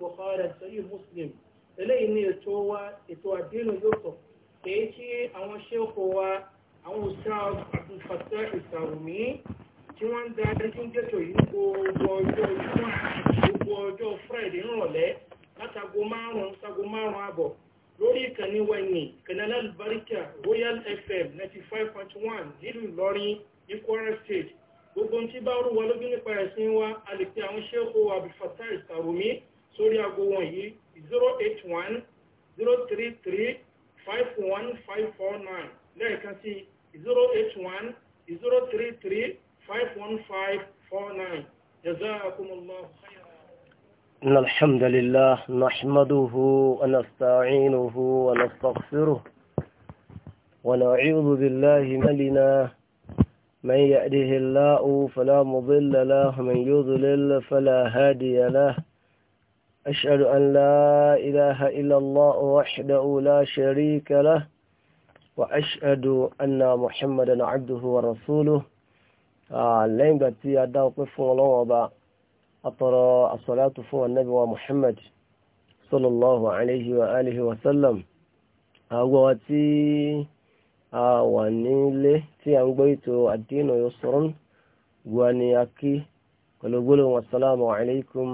Bukhari àti sọ́yìn Muslim eléyìí ni ètò wa ètò àdínú yóò sọ èyí tí àwọn ṣéèkó wa àwọn Ustaz Abdul Fattah Al-Sarumi tí wọ́n ń darí tí ń jẹ́tò yìí gbogbo ọjọ́ ìjọba gbogbo ọjọ́ Friday nírọ̀lẹ́ látago márùn-ún sago márùn-ún àbọ̀ lórí ìkànnì wẹ̀yìn kanada albarika Royal FM 95.1 nílùú Ìlọrin ní Kwara State gbogbo ohun tí bá rú wa lójú nípa ẹ̀sìn wa a lè pe àwọn ṣéèkó wa Abdul Fattah Al-Sarumi sórí ago wọ̀nyí zero eight one zero three three five one five four nine lẹ́ẹ̀kan sí zero eight one zero three three five one five four nine جزاكم الله خيرا إن الحمد لله نحمده ونستعينه ونستغفره ونعوذ بالله ملنا من يأده الله فلا مضل له من يضلل فلا هادي له أشهد أن لا إله إلا الله وحده لا شريك له وأشهد أن محمدا عبده ورسوله لين باتي أدى وقف الله وبا أطرى الصلاة فوق النبي ومحمد صلى الله عليه وآله وسلم أغواتي أوانيلي تي أنبيتو الدين يسر وانياكي قلوبوا السلام عليكم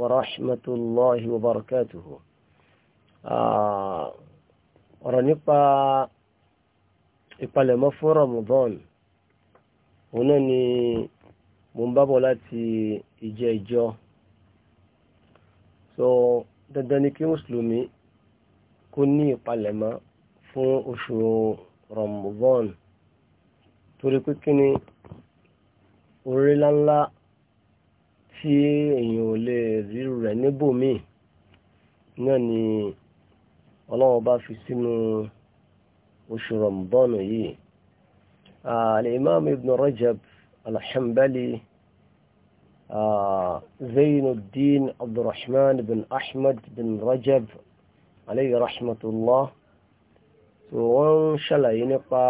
ورحمة الله وبركاته ọ̀rọ̀ nípa ìpalẹ̀mọ́ fún Ramadan òun náà ni mo ń bábọ̀ láti ìjẹ́ ìjọ so dandan ni kí mùsùlùmí kó ní ìpalẹ̀mọ́ fún oṣù Ramadan torí pé kí ni orí láńlá tí èèyàn ò lè ríru rẹ̀ níbòmíì náà ni ọlọ́wọ́ bá fi sínú oṣù rọ̀mùbọ́ọ̀nù yìí al-imam ibn rajab al-hanbali zainuddin abdulrahman bin ahmed bin rajab alayhi rahmatullah so wọ́n ṣàlàyé nípa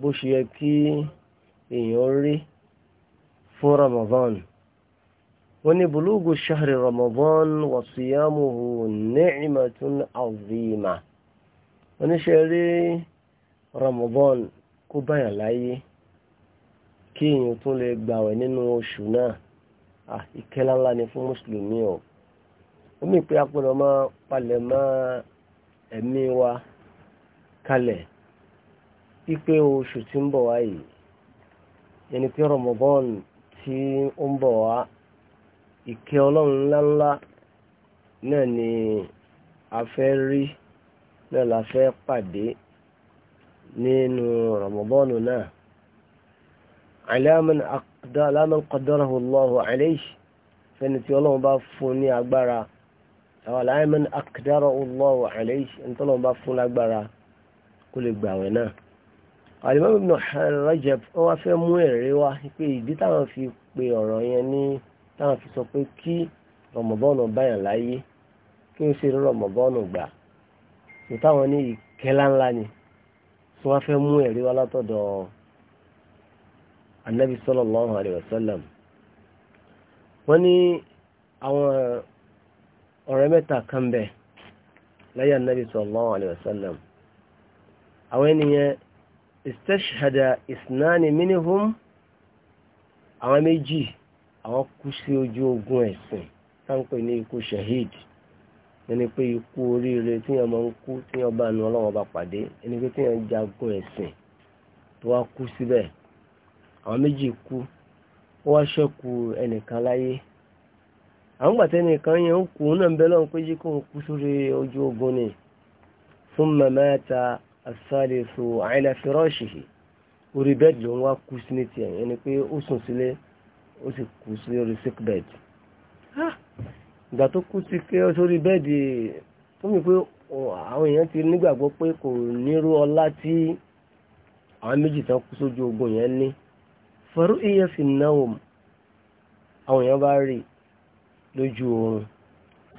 bó ṣe yẹ kí èèyàn rí fún ramadan wọ́n ní bulugu shahri ramadan wa siyamuhu ni'matun azima wọ́n ní ṣe rí ramadan kó báyà láyé kí èèyàn tún lè gbàwẹ̀ nínú oṣù náà ìkẹ́lá ńlá ni fún mùsùlùmí o ó mì pé apọ̀lọ̀ máa palẹ̀ mọ́ ẹ̀mí wa kalẹ̀ ipe oṣù tí ń bọ̀ wá yìí yẹn ni pé ramadan tí ó ń bọ̀ wá ìkẹ́ ọlọ́run ńláńlá náà ni a fẹ́ rí náà la fẹ́ pàdé nínú Ramadan náà ala man qaddarahu Allahu alayhi fẹ́ni tí ọlọ́run bá fún ní agbára àwọn ala man qaddarahu Allahu alayhi ẹni tí ọlọ́run bá fún lágbára kó lè gbàwẹ̀ náà Al-Imam Rajab wọ́n wá fẹ́ mú ẹ̀rí wá pé ìdí táwọn fi pe ọ̀rọ̀ yẹn ní táwọn fi sọ pé kí rọmọbọ́ọ̀nù báyàn láyé kí ó ṣe rọmọbọ́ọ̀nù gbà tó táwọn ní ìkẹ́lá ńlá ni tí wọ́n fẹ́ mú ẹ̀rí wá látọ̀dọ̀ anabi sallallahu alayhi wa sallam wọ́n ní àwọn ọ̀rẹ́ mẹ́ta kan bẹ̀ láyé anabi sallallahu alayhi wa àwọn ènìyàn istashhada isnani minihum àwọn méjì àwọn kú ojú ogun ẹ̀sìn táǹpẹ̀ ní ikú shahid ẹni pé ikú oríire tí yẹn máa ń kú tí yẹn bá nu ọlọ́wọ́ bá pàdé ẹni pé tí yẹn jagun ẹ̀sìn tó wá kú síbẹ̀ àwọn méjì kú ó wá ṣẹ́kù ẹnìkan láyé àwọn gbàtẹ́ nìkan yẹn ń kú náà ń bẹ́ ni fún ta asálẹ̀ so àìlà orí bẹ́ẹ̀dì ló ń wá kú sí ní tiẹ̀ ẹni pé ó ó sì kú sí orí sick bed ìgbà tó kú sí ké sórí bẹ́ẹ̀dì tó mi pé àwọn èèyàn ti nígbàgbọ́ pé kò nírú ọlá tí àwọn méjì tán kú sójú ogun yẹn ní fẹ́rú iye fi náwó àwọn èèyàn bá rí lójú oorun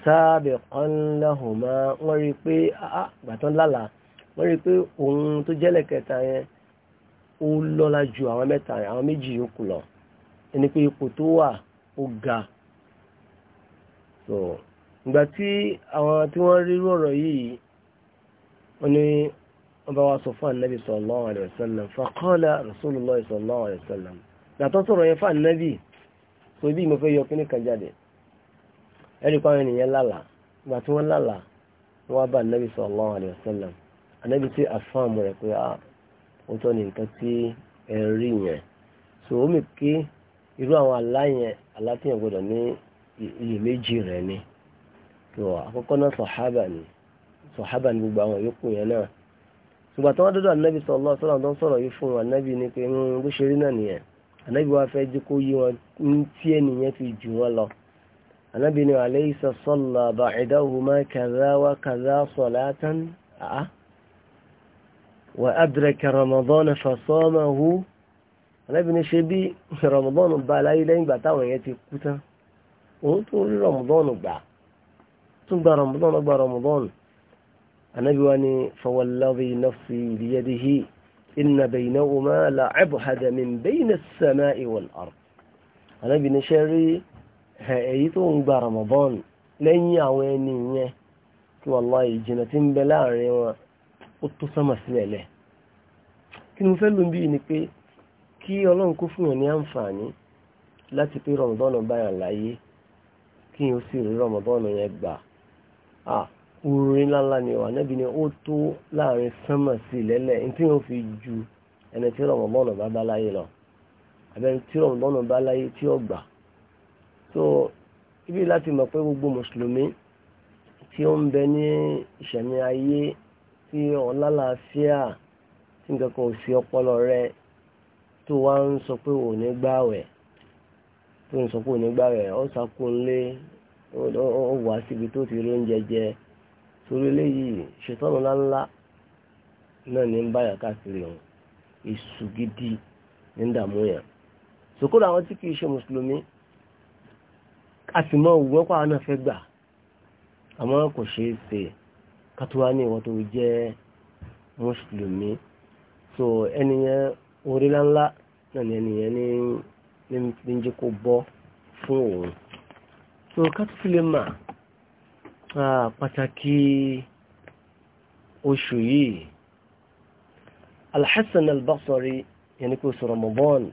sáàbẹ̀ ọ̀nlẹ́hùnmá wọ́n rí pé àgbàtán lálàá wọ́n rí pé òun tó jẹ́lẹ̀ kẹta yẹn ó lọ́lá ju àwọn mẹ́ta àwọn méjì yòókù lọ. ẹni pé ipò tó wà ó ga so ìgbà tí àwọn tí wọ́n rí rọ̀rọ̀ yìí wọ́n ní wọ́n bá wá sọ fún ànábì sallallahu wasallam rasulullah sallallahu alaihi wasallam sọ̀rọ̀ yẹn fún ànábì so ibi mo fẹ́ yọ kíní kan jáde ẹ̀rí pa àwọn ènìyàn lálàá ìgbà tí wọ́n wọ́n bá ànábì sallallahu alaihi wasallam ànábì tí àfáàmù rẹ̀ pé ah, irú àwọn àlá yẹn àlá tí yẹn gbọdọ̀ ní iyèméjì rẹ̀ ni tó àkọ́kọ́ náà sọ̀hábà ni sọ̀hábà ni gbogbo àwọn yòókù yẹn náà ṣùgbọ́n tí wọ́n dọ́dọ̀ ànábì sallallahu alaihi wasallam tó ń sọ̀rọ̀ yìí fún ànábì ni pé hmm, bó ṣe rí náà nìyẹn ànábì wa fẹ́ jẹ́ yí wọn ní tí ẹnìyẹn fi jù wọn lọ ànábì ni alaysa salla ba'dahuma kadha wa kadha salatan àá wa adraka ramadana fasamahu ànábì ní ṣe bí rọmọdọ́nù bá aláyé lẹ́yìn ìgbà táwọn èèyàn ti kú tán òun tó rí rọmọdọ́nù gbà tún gba rọmọdọ́nù gba rọmọdọ́nù ànábì wa ní fọwọ́láwí nọ́ọ̀sì ìdíyẹ́dí hì ìnà bẹ̀yìnà ọmọ àlà ẹ̀bùhàdàmì bẹ́yìnà sẹ́mà ìwọ̀n ọ̀rọ̀ ànábì ní ṣe rí èyí tó ń gba rọmọdọ́nù lẹ́yìn àwọn ẹni yẹn kí wàláhì ìjìnà tí ń bẹ láàrin wọn ó tó sánmà sílẹ̀ lẹ̀ kí ni mo fẹ́ ni pé kí ọlọ́run kó fún yàn ní àǹfààní láti pé rọmọdọ́nà báyàn láyé kí n ó sì rí rọmọdọ́nà yẹn gbà á orin ńláńlá ni wà níbi ni ó tó láàrin sánmà sí lẹ́lẹ̀ ní tí yóò fi ju ẹni tí rọmọdọ́nà bá bá láyé lọ àbẹ́ni tí rọmọdọ́nà bá láyé tí ó gbà tó ibi láti mọ̀ pé gbogbo mùsùlùmí tí ó ń bẹ ní ìṣẹ̀mí ayé tí ọ̀làlàáfíà tí nǹkan kan ò sí ọpọlọ rẹ̀ tó wá ń sọ pé ò ní gbàwẹ̀ tó ń sọ pé ò ní gbàwẹ̀ ó sàkúnlé ó wà síbi tó ti rí oúnjẹ jẹ torí eléyìí ṣètọ́nù ńláńlá náà ní ń báyà káàkiri ọ̀hún èṣù gidi ní ń dààmú yẹn sòkòrò àwọn tí kìí ṣe mùsùlùmí a sì mọ òwúrọ̀ pàwọn náà fẹ́ gbà àmọ́ kò ṣeé ṣe kátówá ní ìwọ́n tó jẹ́ mùsùlùmí so ẹni yẹn orí ńláńlá náà ni ẹnìyẹn ní ní jẹ́ kó bọ́ fún òun so kátìfìlẹ́mà pàtàkì oṣù yìí alhassan albasori yẹn ni kò sọ̀rọ̀ mọ̀bọ́n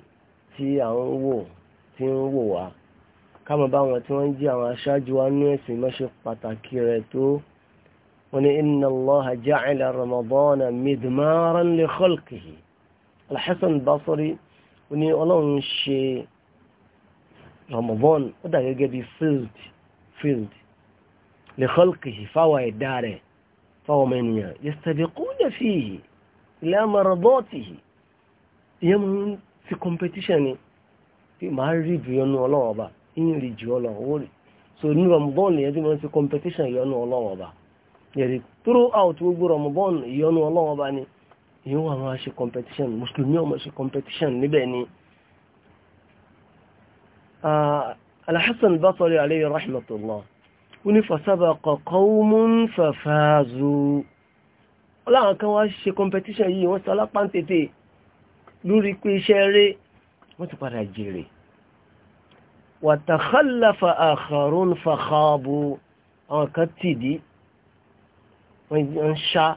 tí à ń wò tí ń wò wá káàmù bá wọn tí wọ́n ń jí àwọn aṣáájú wa ní ẹ̀sìn mọ́ṣẹ́ pàtàkì rẹ̀ tó wọ́n ní inna Allaha ja'ala ramadana midmaran li khalqihi alhassan albasori ó ní ọlọ́run ṣe Ramadan ó dà gẹ́gẹ́ bí field field lè khalqihi fáwọn ẹ̀dá rẹ̀ fáwọn ọmọ ènìyàn yastabiquna fihi ila maradatihi ìyẹn mú ti competition ni pé màá rí jù yọnu ọlọ́run ọba ìyẹn rí jù ọlọ́run ó rí so ní Ramadan yẹn tí mo ti competition yọnu ọlọ́run ọba yẹ̀rì throughout gbogbo Ramadan yọnu ọlọ́run ọba ni yóò wà máa ṣe competition mùsùlùmí ọmọ ṣe competition níbẹ̀ ni alhassan basari alayhi rahmatullah ó ní fasabaqa qawmun fafazu ọláwọn kan wá ṣe competition yìí wọ́n sálápá ń tètè lórí pé iṣẹ́ rẹ̀ wọ́n ti padà jèrè wa takhallafa akharun àwọn kan tìdí wọ́n ń ṣá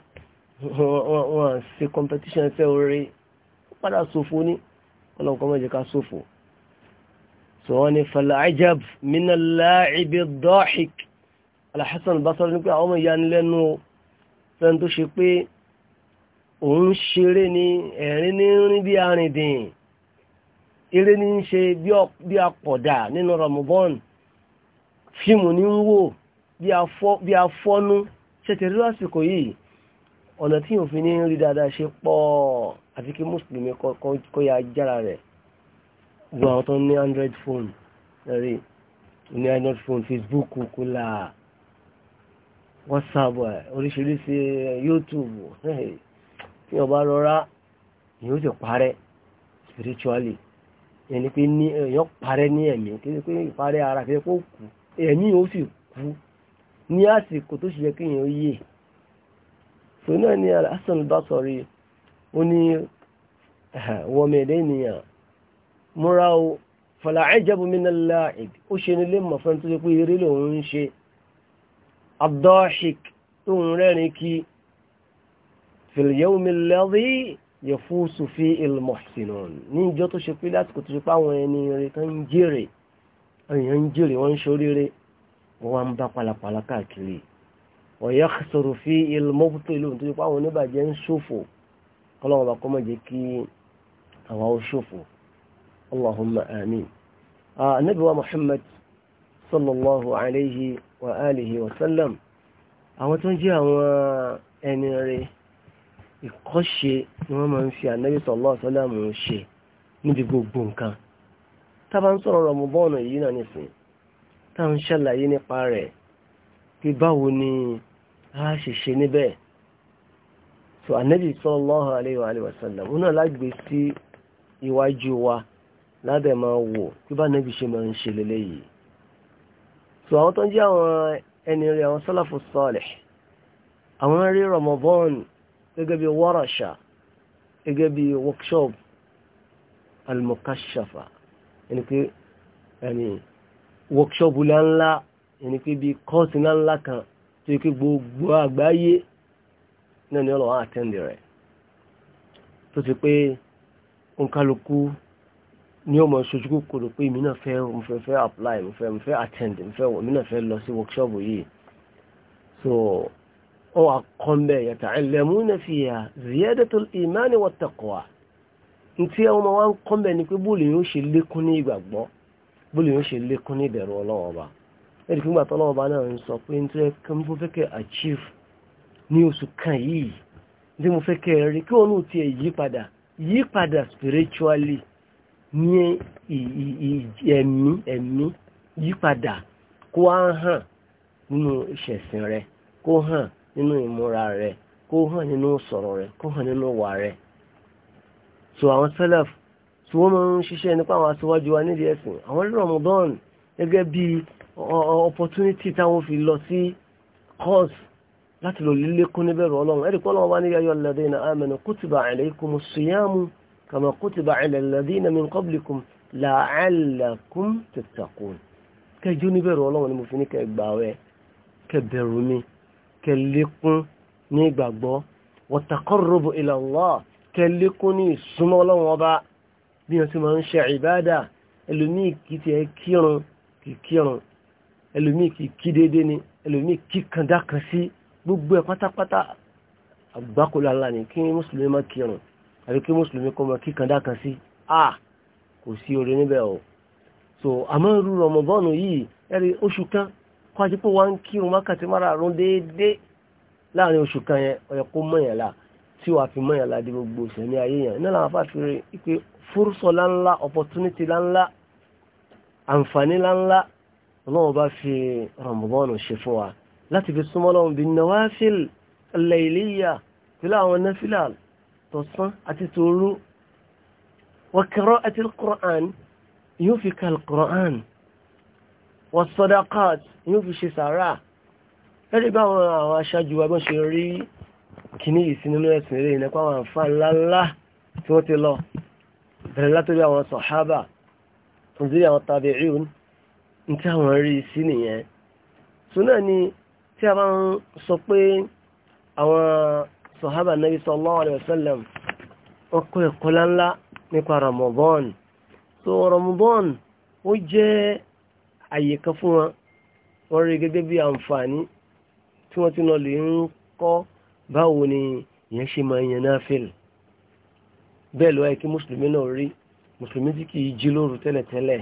wọ́n ṣe competition ṣe orí padà sófò ní ọlọ́nkọ́ mọ́jẹ́ ká sófò so wọ́n ni falajab minala'ibi dọ́hik alhassan basar ní pé àwọn ọmọ ìyá nílẹ́nu fẹ́ tó ṣe pé òun ṣeré ní ẹ̀rin ní rin bí arìndìn eré ní ṣe bí apọ̀dà nínú Ramadan fíìmù ní ń wò bí afọ́nú ṣẹ̀tẹ̀rí lásìkò yìí ọ̀nà tí òfin ní rí dáadáa ṣe pọ̀ àti kí mùsùlùmí kọ́ ya jára rẹ̀ gbọ́ àwọn tó ní android phone rí ní android phone facebook kúlà whatsapp oríṣiríṣi youtube tí ọba rọra yóò ti parẹ́ spiritually ẹni pé ní èèyàn parẹ́ ní ẹ̀mí kí ni pé ìparẹ́ ara kí ni pé ó kú ẹ̀mí ó sì kú ní àsìkò tó ṣe yẹ kí èèyàn yé tó náà ni Al-Hasan al-Basri ó ní wọ́n mẹ́lẹ́ ènìyàn múra o fala ajabu min al-la'ib ó ṣe nílé mọ̀fẹ́ tó ṣe pé eré lòun ń ṣe ad tó ń rẹ́rin kí fil yawmi alladhi yafuzu ní ìjọ tó ṣe pé lásìkò tó ṣe pé àwọn ẹni rẹ̀ kan ń jèrè èèyàn ń jèrè wọ́n ń ṣoríire wọ́n wá ń bá pàlàpàlà káàkiri ọ̀yẹ́ sọ̀rọ̀ fi ilmọ́bùtò ìlú tó yípa àwọn oníbàjẹ́ ń ṣòfò kọ́lọ́wọ́n bá kọ́ mọ̀ jẹ́ kí allahumma amin anabi muhammad sallallahu alayhi wa alihi wa sallam àwọn tó ń jẹ́ àwọn ẹni ń fi anabi sallallahu alayhi wa sallam ṣe níbi gbogbo nǹkan tábà ń sọ̀rọ̀ rọmọbọ́ọ̀nù yìí náà nìsín táwọn ṣàlàyé nípa rẹ̀ pé báwo ni á ṣèṣe níbẹ̀ so anabi sallallahu alayhi wa sallam òun náà lágbè sí iwájú wa ládẹ̀ máa wò tí bá anabi ṣe máa ń ṣe lélẹ́yìí so àwọn tó ń jẹ́ àwọn ẹni rẹ̀ àwọn sálàfù salih àwọn rí Ramadan gẹ́gẹ́ bí wọ́rọ̀ṣà gẹ́gẹ́ bí workshop al ẹni pé ẹni workshop ńláńlá ẹni pé bí kọ́ọ̀sì ńláńlá kan tó yẹ kí gbogbo àgbáyé náà ni ọlọ́wọ́ àtẹ́ǹdì rẹ̀ tó ti pé òǹkálukú ni ó mọ̀ ṣojú kòkòrò pé èmi náà fẹ́ mo fẹ́ apply mo fẹ́ attend mo fẹ́ èmi fẹ́ lọ sí workshop yìí so ó wà kọ́ńbẹ̀ yata'allamuna fiha ziyadatul imani wat taqwa ntí àwọn ọmọ wa ni pé bóòlù yóò ṣe lékún ní ìgbàgbọ́ bóòlù yóò ẹ̀rì fún gbàtọ́ lọ́wọ́ bá náà ń sọ pé tí achif fẹ́ kẹ́ achieve ní oṣù kan yìí tí mo fẹ́ rí kí ti yí padà yipada spiritually ní ẹ̀mí ẹ̀mí kó á hàn nínú ìṣẹ̀sìn rẹ kó hàn nínú ìmúra rẹ kó hàn nínú sọ̀rọ̀ rẹ kó hàn nínú wà rẹ so àwọn sẹ́lẹ̀f tí wọ́n máa ń ṣiṣẹ́ nípa àwọn aṣíwájú wa nídìí ẹ̀sìn àwọn gẹ́gẹ́ bíi opportunity táwọn fi lọ sí course láti lò lílékún níbẹ̀rù ọlọ́run ẹ̀rí pé ọlọ́run wá ní ya ayyuhal ladhina amanu kutiba alaykumus siyamu kama kutiba alal ladhina min qablikum la'allakum tattaqun kẹjọ níbẹ̀rù ọlọ́run ni mo fi ní kẹ gbààwẹ̀ kẹ bẹ̀rù mi kẹ lékún ní ẹlòmíì kì í kí déédéé ni ẹlòmíì kí kàndá kan sí gbogbo ẹ̀ pátápátá àgbákòlá ńlá ni kí mùsùlùmí má kírun àbí kí mùsùlùmí kọ́ mọ kí kàndá kan sí a kò sí oore níbẹ̀ o so àmọ́ irú rọmọbọ́ọ̀nù yìí ẹ̀rí oṣù kan kó ajé pé wọ́n ń kírun wákàtí márààrún déédéé láàrin oṣù kan yẹn ọ̀yẹ̀ kó mọ̀yàn la tí wàá fi mọ̀yàn la di gbogbo ìṣẹ̀mí ayé yẹn iná làwọn afáàfi rẹ̀ pé fúrúsọ̀ láńlá opportunity láńlá àǹfààní láńlá ọlọ́run bá fi ramadan ṣe fún wa láti fi súnmọ́ lọ́run bí nawafil al-layliya pẹ̀lú àwọn nafila tọ̀sán àti tòru wa qira'ati al-Qur'an yóò fi ka al-Qur'an wa sadaqat yóò fi ṣe sàárà lẹ́rìí bá àwọn àwọn aṣáájú wa bọ́n ṣe rí kìíní yìí sí ẹ̀sìn eré ìnẹ́pá àwọn àǹfà ńláńlá tí wọ́n ti lọ bẹ̀rẹ̀ látọ̀rí àwọn sàhábà tòun sí ní tí àwọn rí sí nìyẹn so náà ni tí a bá ń sọ pé àwọn sọ̀hábà nàbí sallallahu alaihi wasallam wọ́n kọ́ ẹ̀kọ́ láńlá nípa Ramadan so Ramadan ó jẹ́ àyè kan fún wọn wọ́n rí gẹ́gẹ́ bí àǹfààní tí wọ́n ti lọ ń kọ́ báwo ni ìyẹn ṣe máa yan náfìlì bẹ́ẹ̀ lọ́wọ́ kí mùsùlùmí náà rí mùsùlùmí tí kì í jí lóru tẹ́lẹ̀tẹ́lẹ̀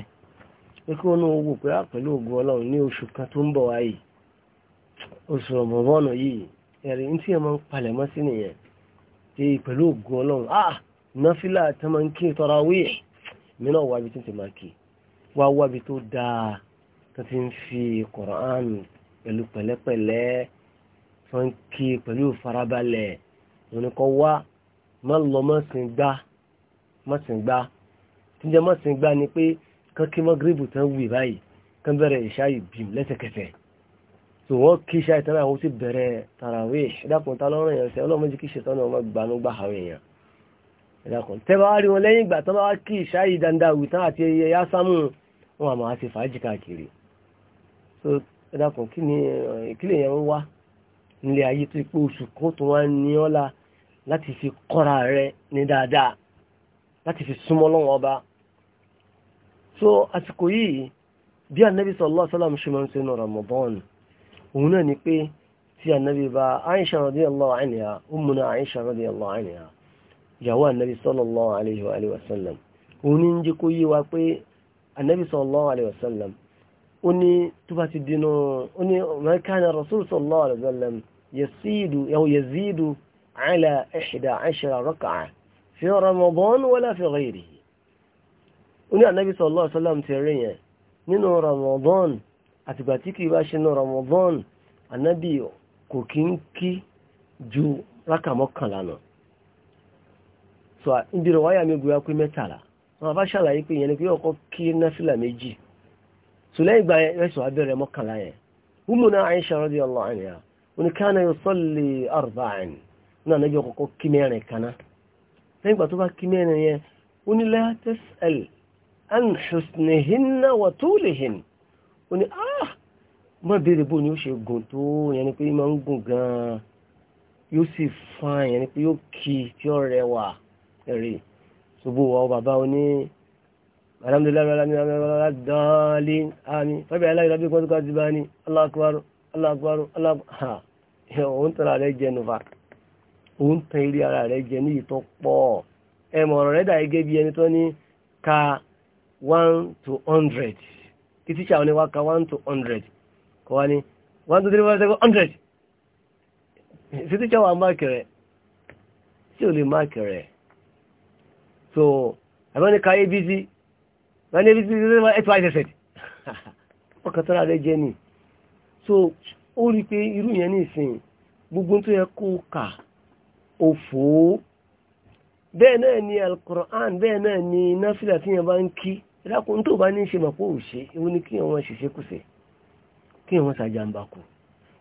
pé kí wọ́n náà wò pé á ah, pẹ̀lú ògùn ọlọ́run ní oṣù kan tó ń bọ̀ wáyé oṣù ọ̀bọ̀bọ̀nà yìí ẹ̀rìn tí ẹ máa ń palẹ̀ mọ́ sí nìyẹn tí pẹ̀lú ògùn ọlọ́run ah nọ́fílà tó máa ń kí tarawih mi náà wábi tó ti máa kí wá wábi tó dáa tó ti ń fi Qur'an pẹ̀lú pẹ̀lẹ́pẹ̀lẹ́ tó ń kí pẹ̀lú farabalẹ̀ oníkan wá má lọ mọ́sìn gbá mọ́sìn gbá tíjẹ́ mọ́sìn gbá ni pé kan kí mọ́gírìbù tán wù báyìí kan bẹ̀rẹ̀ ìṣáyì bìm lẹ́sẹ̀kẹsẹ̀ tó wọ́n kí ìṣáyì tán àwọn ti bẹ̀rẹ̀ tàràwé ìdákun tá lọ́rọ̀ èèyàn sẹ́ ọlọ́mọ jí kí ṣe tán ọmọ gbanú gbà àwọn èèyàn ìdákun tẹ́ bá rí wọn lẹ́yìn ìgbà tán bá kí ìṣáyì dandan wì tán àti ẹyẹ yá sámú wọn àmọ́ láti fi kọ́ra rẹ ní dáadáa láti fi súnmọ́ lọ́wọ́ ọba so àsìkò yìí bí anabi sallallahu alaihi wasallam ṣe máa ń sẹ́nu ramadan òun náà ni pé tí anabi bá aisha radiyallahu anha ummuna aisha radiyallahu anha ìyàwó anabi sallallahu alaihi wa sallam òun ní ń jẹ́ kó yé wa pé anabi sallallahu alaihi wa sallam ó ní tó bá ti dínú ó ní ma kana rasul sallallahu alaihi ala ihda ashara raka'a fi ramadan wala fi ghayrihi onye ní ànábì sallallahu alaihi wasallam ti rí yẹn nínú Ramadan àtìgbà tí kì í bá ṣe nínú Ramadan ànábì kò kí ń kí ju rákà nà so ibi rẹ̀ wáyà mi gbéra pé mẹ́tàlá wọn bá ṣàlàyé pé ìyẹn ni pé ọkọ kí náfìlà méjì so lẹ́yìn ìgbà ẹ̀sùn abẹ́rẹ́ mọ́kànlá yẹn wúmùnà Aisha radiyallahu anha oníkànnà yusalli arba'an náà níbi ọkọ̀ọ̀kọ̀ kí mẹ́rin kaná lẹ́yìn ìgbà tó bá kí mẹ́rin yẹn ó ní an husnihinna wa tulihin ó ní ah mọ́ béèrè bó ni ó ṣe gùn tó yẹn ni pé máa ń gùn gan-an yóò sì fún yẹn ni pé yóò kí tí ó rẹwà rí ṣubú wa ó bàbá oní alhamdulilayi alhamdulilayi dọ́ọ̀lì àmì fẹ́bí aláìlábí kan tó ká ti bá ní aláàkúwárú aláàkúwárú aláàkúwárú òun tàn ààrẹ jẹ nùfà òun tàn eré ara rẹ jẹ ní ìtọ́pọ̀ ẹ̀mọ̀ràn rẹ̀ dà gẹ́gẹ́ bí ẹni tó ní ka one to hundred kí tíṣà wọn ni ka one to hundred kọ wá ní one to three four seven hundred sí tíṣà wà máàkì rẹ̀ tí ò lè máàkì so àbẹ́ ní ka abc wọ́n ní abc ṣe wọ́n eight five seven ọkàn tó ra rẹ̀ jẹ́ ni so ó rí i pé irú yẹn ní ìsìn gbogbo tó yẹ kó kà ó bẹ́ẹ̀ náà ni alukur'an bẹ́ẹ̀ náà ni náfìlà tí yẹn bá ń kí ìdákun tó bá ní ṣe mọ̀ pé ò ṣe ewu ní kí wọ́n ṣiṣẹ́ kù sí kí wọ́n ṣàjàmbá kù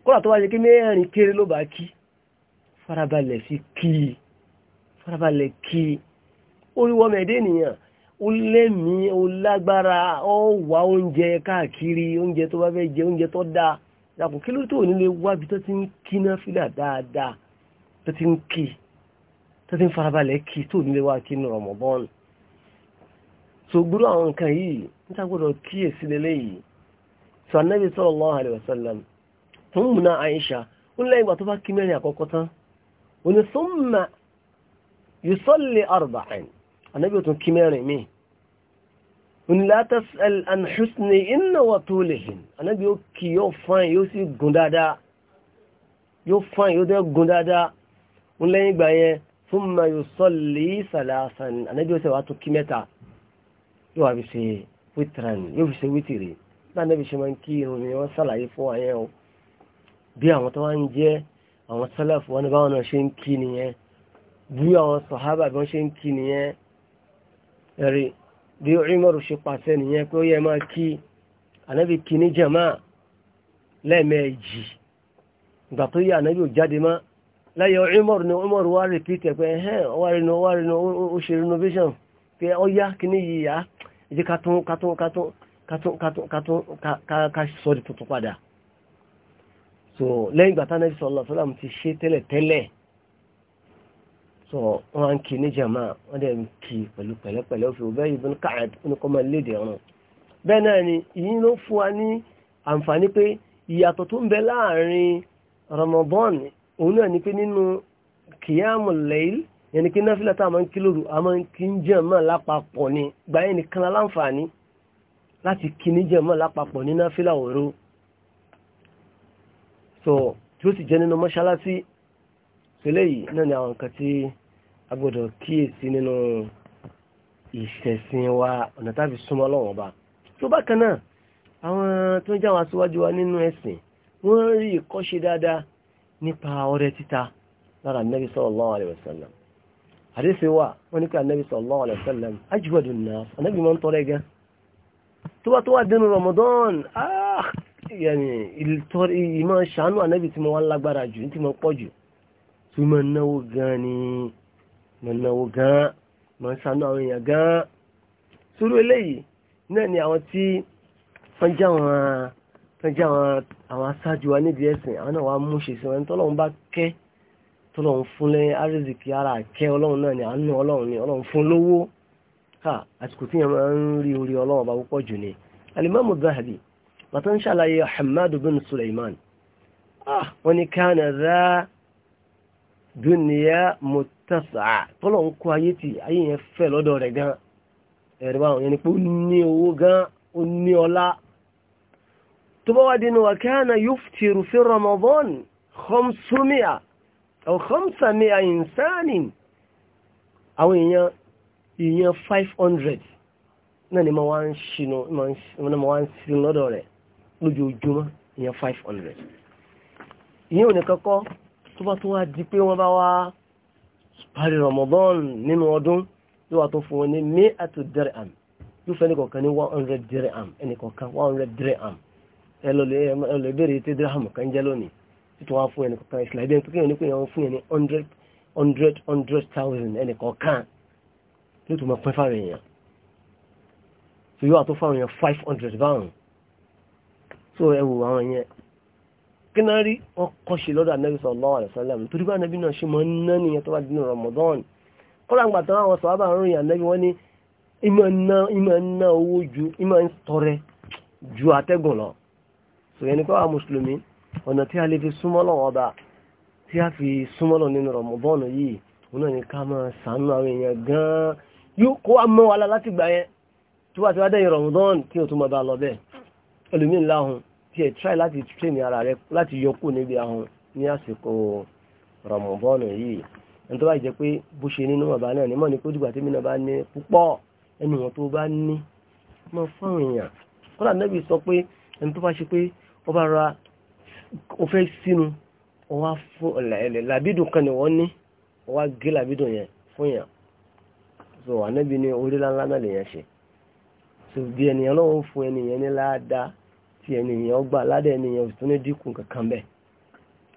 kọ́lá tó wá ṣe kí mẹ́rin kéré ló bá kí farabalẹ̀ sí kí farabalẹ̀ kí oríwọ́ mẹ́dẹ́ ènìyàn ó lẹ́mìí ó lágbára ó wá oúnjẹ káàkiri oúnjẹ tó bá fẹ́ jẹ oúnjẹ tó dáa ìdákun kí ló tó nílé wábi tó ti ń kí náà fílà dáadáa tó ti ń kí tó ti ń farabalẹ̀ kí tó nílé wá kí ní Ramadan so gbúrú àwọn nǹkan yìí níta gbọ́dọ̀ kíyè sí lélẹ̀ yìí so anabi sallallahu alaihi wasallam fún múna Aisha ó lẹ́yìn ìgbà tó bá kí mẹ́rin àkọ́kọ́ tán ó ní summa yusalli arba'in anabi ó tún kí mẹ́rin míì òní la tas'al an husni inna wa tulihin anábi ó yóò wá fi ṣe wítìrán yóò fi ṣe wítìrì báyìí níbi ṣe máa ń kí irun ni wọ́n ṣàlàyé fún wa o bí àwọn tó wá ń jẹ́ àwọn sálàfù wọn ni báwọn náà ṣe ń kí nìyẹn bí àwọn sàhábà bí wọ́n ṣe ń kí nìyẹn ẹ̀rí bí Umaru ṣe pàṣẹ nìyẹn pé ó yẹ máa kí ànábì kí ní jàmá lẹ́ẹ̀mejì ìgbà tó yẹ ànábì ò jáde mọ́ ni Umaru wá rìpítẹ̀ pé ẹ̀hẹ́n pé ọyá kíní yìí yá ìjẹ́ katún katún katún katún katún katún ká sọ di tuntun padà so lẹ́yìn ìgbà tánà ìsọ̀ ọ̀lọ́ sọ́lá ti ṣe tẹ́lẹ̀ tẹ́lẹ̀ so wọ́n ń kí ní jama wọ́n dẹ̀ ń kí pẹ̀lú pẹ̀lẹ́pẹ̀lẹ́ òfin òbẹ́ yìí bọ́n káàd oníkọ́ máa léde ọ̀run bẹ́ẹ̀ náà ni ìyín ló fún wa ní àǹfààní pé ìyàtọ̀ tó ń bẹ láàrin Ramadan òun náà ni pé nínú kìyàmù lẹ́yìn yẹn ni kí náfìlà tá a máa ń kí lóru a máa ń kí ń jàmá lápapọ̀ ni gba yẹn nìkan láǹfààní láti kí ní jàmá lápapọ̀ ní náfìlà òru so tí ó sì jẹ́ nínú mọ́ṣáláṣí tẹ́lẹ̀ yìí náà ni àwọn nǹkan tí a gbọ́dọ̀ kíyèsí nínú ìṣẹ̀sìn wa ọ̀nà táfi súnmọ́ Ọlọ́run Ọba tó bákan náà àwọn tó ń jáwọn aṣíwájú wa nínú ẹ̀sìn wọ́n rí ìkọ́ṣe dáadáa nípa ọrẹ títa lára Nábì sallallahu alaihi wasallam àdéṣe wà wọ́n ní pé anabi sallallahu alayhi wa sallam ajwadu an-nas anabi máa ń tọrẹ gan tó bá tó wà dénú ramadan ah yẹni ìmọ̀ ṣàánú anabi tí mo wá lágbára jù tí mo pọ̀ jù tí mo náwó gan ni mo náwó gan mo ṣàánú àwọn èèyàn gan sórí eléyìí náà ni àwọn tí wọ́n já wọn já wọn àwọn aṣáájú wa nídìí ẹ̀sìn àwọn náà wàá mú ṣèṣin wọn tọ́lọ́run bá kẹ́ tọ́lọ́run fún lẹ́yìn àrísìkí ara àkẹ́ ọlọ́run náà ni àánú ọlọ́run ni ọlọ́run fún lówó ká àsìkò tí yẹn máa ń rí orí ọlọ́run ọba púpọ̀ jù ni alimami zahabi bàtà ń ṣàlàyé ahmed bin suleiman ah wọ́n ní kánà rà dúnìyà mọ̀tàṣà tọ́lọ́run kó ayé tì ayé yẹn fẹ́ lọ́dọ̀ rẹ̀ gan ẹ̀rọ báwọn yẹn ni pé ó ní owó gan ó ní ọlá tó bá wà dínú wà kánà yuftiru fi ramadan khamsumiya àwọn khamsa ní àyínsánì àwọn èèyàn èèyàn 500 náà ni ma wá ń ṣinú ma wá ń sin lọ́dọ̀ rẹ̀ lójoojúmọ́ èèyàn 500 ìyẹn ò ní kọ́kọ́ tó bá tó wá di pé wọ́n bá wá parí Ramadan nínú ọdún yóò wá tó fún wọn ní mé àti dirham yóò fẹ́ nìkọ̀ọ̀kan ní 100 dirham ẹnìkọ̀ọ̀kan 100 dirham ẹ lọ lè béèrè tí dirham kan jẹ́ lónìí títí fún ẹnì kọ̀ọ̀kan ìsìlá ìbẹ́ni pínpín onípe yẹn fún yẹn ní hundred hundred hundred thousand ló tún máa pín fáwọn èèyàn so yóò wà tó fáwọn èèyàn five hundred so ẹ wò àwọn yẹn kí náà lọ́dọ̀ anabi sallallahu alaihi wasallam torí bá anabi náà ṣe máa ń ná Ramadan kọ́lá àgbà tán àwọn sọ̀rọ̀ bá ń rìn anabi wọn ní ìmọ̀ ju atẹ́gùn lọ so yẹn ni pé àwọn ọ̀nà tí a lè fi súnmọ́ lọ́wọ́ ọba tí a fi súnmọ́ lọ nínú rọ̀mọ̀bọ́ọ̀nù yìí òun náà ni ká máa sànú àwọn èèyàn gan-an yóò kó wa mọ́ wa la láti gbà yẹn tó bá ti wá dẹ́yìn rọ̀mọ̀bọ́ọ̀nù tí o tún máa bá lọ bẹ́ẹ̀ ẹlòmíín láhùn tí ẹ tíráì láti ni mọ̀ ní kójú gbàtí mìíràn bá ní púpọ̀ ẹnu wọn tó ra ó fẹ́ sínú wọ́n wá fún ẹ̀lẹ̀ làbídùn kan ni wọ́n ní wọ́n gé làbídùn yẹn fún yàn so ànábi ní orí láńlá náà yẹn ṣe so bí ènìyàn náà ń fún ènìyàn ní láàdá tí ènìyàn gbà ládà ènìyàn ò tún ní dínkù kankan bẹ́ẹ̀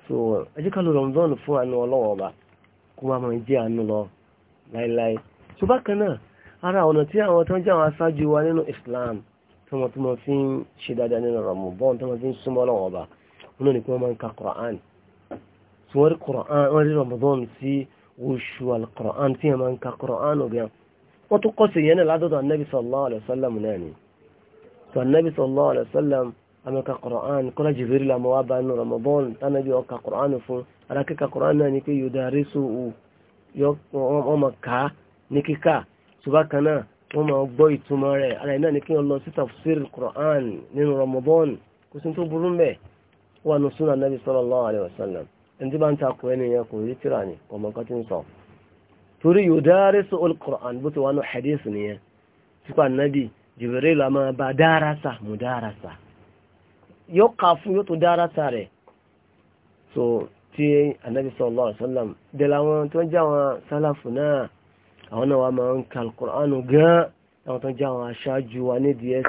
so ẹ jẹ́ ká lo rọ̀mùdọ́ọ̀nù fún àánú ọlọ́wọ́ ọba kó máa máa jẹ́ àánú lọ láéláé so bákan náà ara ọ̀nà tí àwọn tó ń jẹ́ àwọn aṣáájú wa nínú Islam tí wọ́n tún máa fi ń ṣe dáadáa nínú rọ̀mùdọ́ọ̀nù tí fi ń súnmọ́ ọlọ́wọ́ ọba náà ni pé wọ́n máa ń ka Qur'an tí wọ́n Qur'an wọ́n rí Ramadan si oṣù al-Qur'an tí wọ́n máa ń ka Qur'an ọ̀gá wọ́n tún kọ́sì yẹn náà sallallahu alayhi wa sallam náà ni tó sallallahu alayhi wa sallam àmì ka Qur'an kọ́lá jìbìrì la mọ̀ wá bá nù Ramadan tánàbí ọ̀ka Qur'an fún alákẹ́ka Qur'an náà ni pé yudarisu wọ́n máa kà á ní kíkà ṣùgbọ́n kan náà wọ́n máa gbọ́ ìtumọ̀ rẹ̀ ara ẹ̀ ni kí wọ́n lọ sí tafsir Qur'an nínú Ramadan kò sí tó burú mẹ́ẹ̀ wà ní súnà nàbí sallallahu alaihi wasallam ẹni tí bá ń takò ẹni yẹn kò rí tíra ni ọmọ nǹkan tí ń sọ torí yudarisu al-Qur'an bó ti wà ní hadith nìyẹn sípà nàbí Jibril àmọ́ bá dárasa mudarasa yóò kà fún yóò tó dárasa rẹ̀ so tí anabi sallallahu alaihi wasallam dẹ̀lá wọn tó ń já wọn sálàfù náà àwọn náà wà máa ń ka al gan àwọn tó ń já àwọn aṣáájú wa nídìí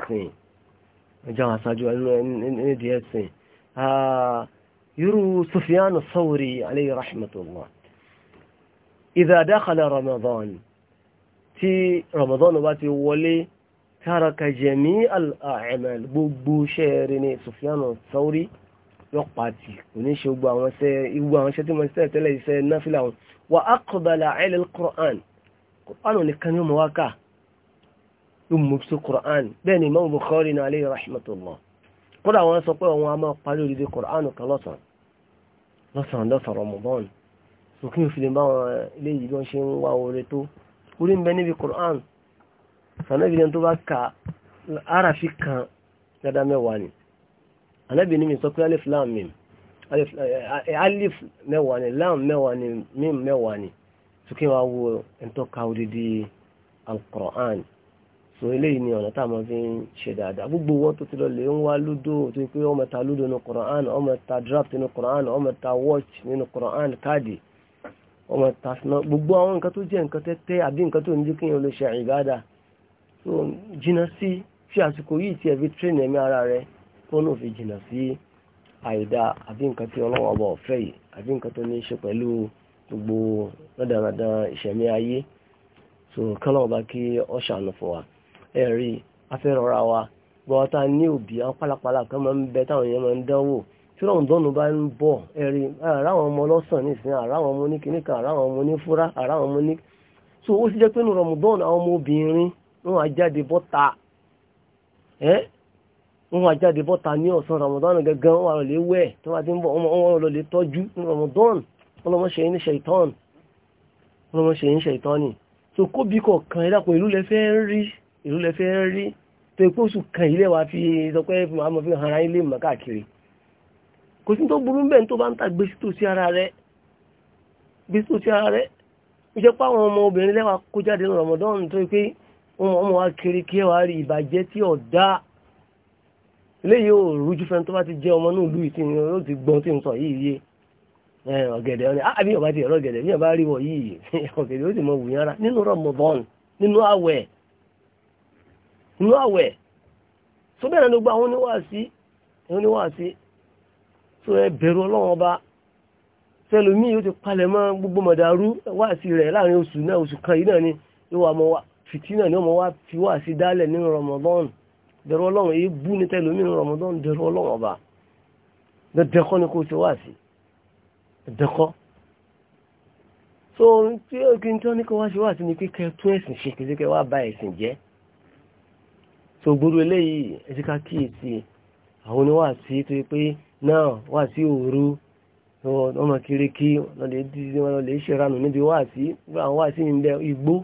يرو سفيان الصوري عليه رحمة الله إذا دخل رمضان في رمضان واتي ولي ترك جميع الأعمال بوبو شيرني سفيان الصوري يقاتي ونيش يقبع وسي يقبع وشتي مسير تلي سيدنا وأقبل على القرآن القرآن اللي كان يوم واقع يوم مبسو القرآن بين إمام بخاري عليه رحمة الله kódà wọ́n sọ pé àwọn a máa parí odidi Kùránù kan lọ́sàn lọ́sàn lọ́sàn Ramadan sókè òfin bá wọn ilé yìí bí wọ́n ṣe ń wá oore tó orí ń bẹ níbi Kùránù sànẹ́bìnrin tó bá ka arafi kan mi sọ pé alif lam mim eh, alif mẹ́wàá ni lam mẹ́wàá ni mim mẹ́wàá ni sókè wo ẹ̀ńtọ́ ka odidi al-Kùránù so eléyìí ni ọ̀nà táwọn fi ń ṣe dáadáa gbogbo wọn tó ti lọ lè ń wá lúdó tó pé ọmọ ta lúdó nínú Quran ọmọ ta draft ọmọ watch káàdì ọmọ ta sinọ gbogbo àwọn nǹkan tó jẹ́ nǹkan tẹ́tẹ́ àbí nǹkan tó ń jẹ́ kéèyàn lè ṣe so jìnnà sí fi àsìkò yìí tí fi sí àìdá ọba ọ̀fẹ́ yìí àbí nǹkan tó ní ẹ̀rí afẹ́rọra wa gbọ́ta ní òbí àwọn pálapàla kan máa ń bẹ táwọn èèyàn máa ń dánwò tí rọ̀ǹdọ́nù bá ń bọ̀ ẹ̀rí ara àwọn ọmọ ọlọ́sàn nìsín ara àwọn ọmọ oníkìníkà ara àwọn ọmọ onífúrá ara àwọn ọmọ oní so ó sì jẹ́ pé àwọn ọmọ obìnrin wọn á jáde bọ́ta ẹ́ wọn á jáde bọ́ta ní ọ̀sán rọ̀ǹdọ́nù gangan wọn lọ lè wẹ̀ ti ń bọ̀ wọn lọ lè tọ́jú ìlú lẹ fẹ́ rí tó ipò oṣù kan ilé wa fi sọ pé àmọ́ fi hàn ilé mọ̀ káàkiri kò sí tó burú bẹ́ẹ̀ tó bá ń ta gbèsè tó sí ara rẹ ara rẹ ó jẹ́ ọmọ obìnrin lẹ́wà kó jáde ní wa kiri kí ẹ wá rí ìbàjẹ́ tí eléyìí ò rújú fẹ́ tó bá ti ọmọ náà lù ti gbọ́n tí ń sọ yìí yé ọ̀gẹ̀dẹ̀ ọ̀nà àbí ọ̀bá ti ọ̀gẹ̀dẹ̀ bí ọ̀bá rí wọ̀ yìí inú àwẹ̀ tó bẹ̀rẹ̀ ló gba àwọn oníwàásí oníwàásí tó ẹ bẹ̀rù ọlọ́run ọba sẹlòmí yóò ti palẹ̀ mọ́ gbogbo mọ̀dàrú wàásí rẹ̀ láàrin oṣù náà oṣù kan yìí náà ni yóò wà mọ́ wa fìtínà ni ọmọ wa fi wàásí dálẹ̀ Ramadan bẹ̀rù ọlọ́run èyí bú ní tẹlòmí nínú Ramadan bẹ̀rù ọlọ́run ni kò ṣe wàásí dẹ̀dẹ̀kọ́ so tí so gbogbo eléyìí ẹ̀sí ká kíyèsí àwọn oníwà sí tó yẹ pé náà wà sí òru wọ́n mọ̀ kiri kí wọ́n lè ṣèrànù níbi wà sí gbogbo àwọn wà sí ìbẹ̀ igbó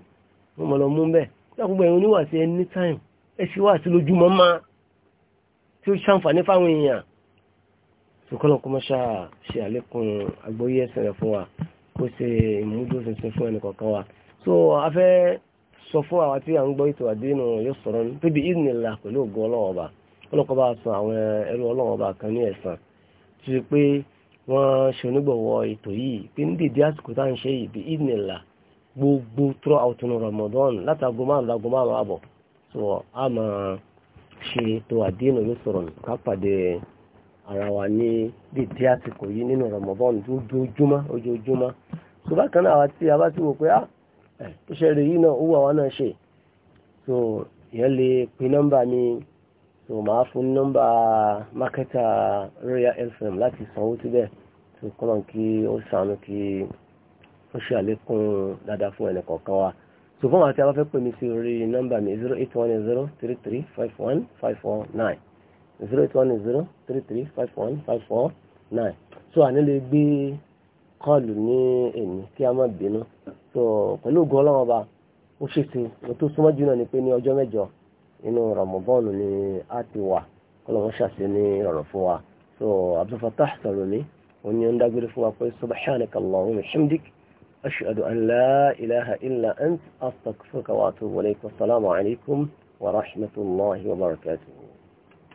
wọ́n mọ̀ lọ mú bẹ̀ lákòókò ẹ̀yìn oníwà sí ẹni táìm ẹ̀sí wà sí lójúmọ́ máa tí ó ṣàǹfààní fáwọn èèyàn sùkọ́lọ̀ kọ́ ṣe àlékún àgbóyé ẹ̀sìn rẹ̀ fún wa kó ṣe ìmúdó tuntun fún ẹnì kọ̀ọ̀kan wa so afẹ́ sọ fún àwọn tí a ń gbọ́ ètò àdínú yóò sọ̀rọ̀ níbi ìnìlá pẹ̀lú ògùn ọlọ́wọ́ ọba ọlọ́kọ̀ bá san àwọn ẹrú ọlọ́wọ́ ọba kan ní ẹ̀san tí pe pé wọ́n ṣe onígbọ̀wọ́ ètò yìí pé àsìkò tá à ń gbogbo trọ́ àwùtún Ramadan látàgò márùn lágò márùn a máa ṣe ètò àdínú yóò sọ̀rọ̀ ara wa ní àsìkò yìí nínú Ramadan náà Eh, iṣẹ́ rẹ̀ yìí náà ó wà wá náà ṣe so ìyẹn lè pe nọ́mbà mi so màá fún nọ́mbà mákẹ́tà Royal FM láti sanwó síbẹ̀ so kọ́nà kí ó sànú kí ó ṣe àlékún dáadáa fún ẹnì kọ̀ọ̀kan wa so fún àti abáfẹ́ pè mí sí orí nọ́mbà mi zero eight one zero three three five one five four nine zero eight one zero three three five one five four nine so àní lè gbé kọ́ọ̀lù ní èmi kí a má bínú tó pẹ̀lú ògùn ọlọ́run ọba ó ṣe ti mo tó súnmọ́ jù náà ni pé ní ọjọ́ mẹ́jọ inú rọmọbọ́ọ̀lù ni a ti wà kọlọ́wọ́ ṣàṣẹ ní ọ̀rọ̀ fún wa so Abdul Fattah Salumi òní ń dágbére fún wa pé subhanaka Allahumma hamdik ashhadu an la ilaha illa ant astaghfiruka wa atubu ilayk assalamu alaykum wa rahmatullahi wa barakatuh.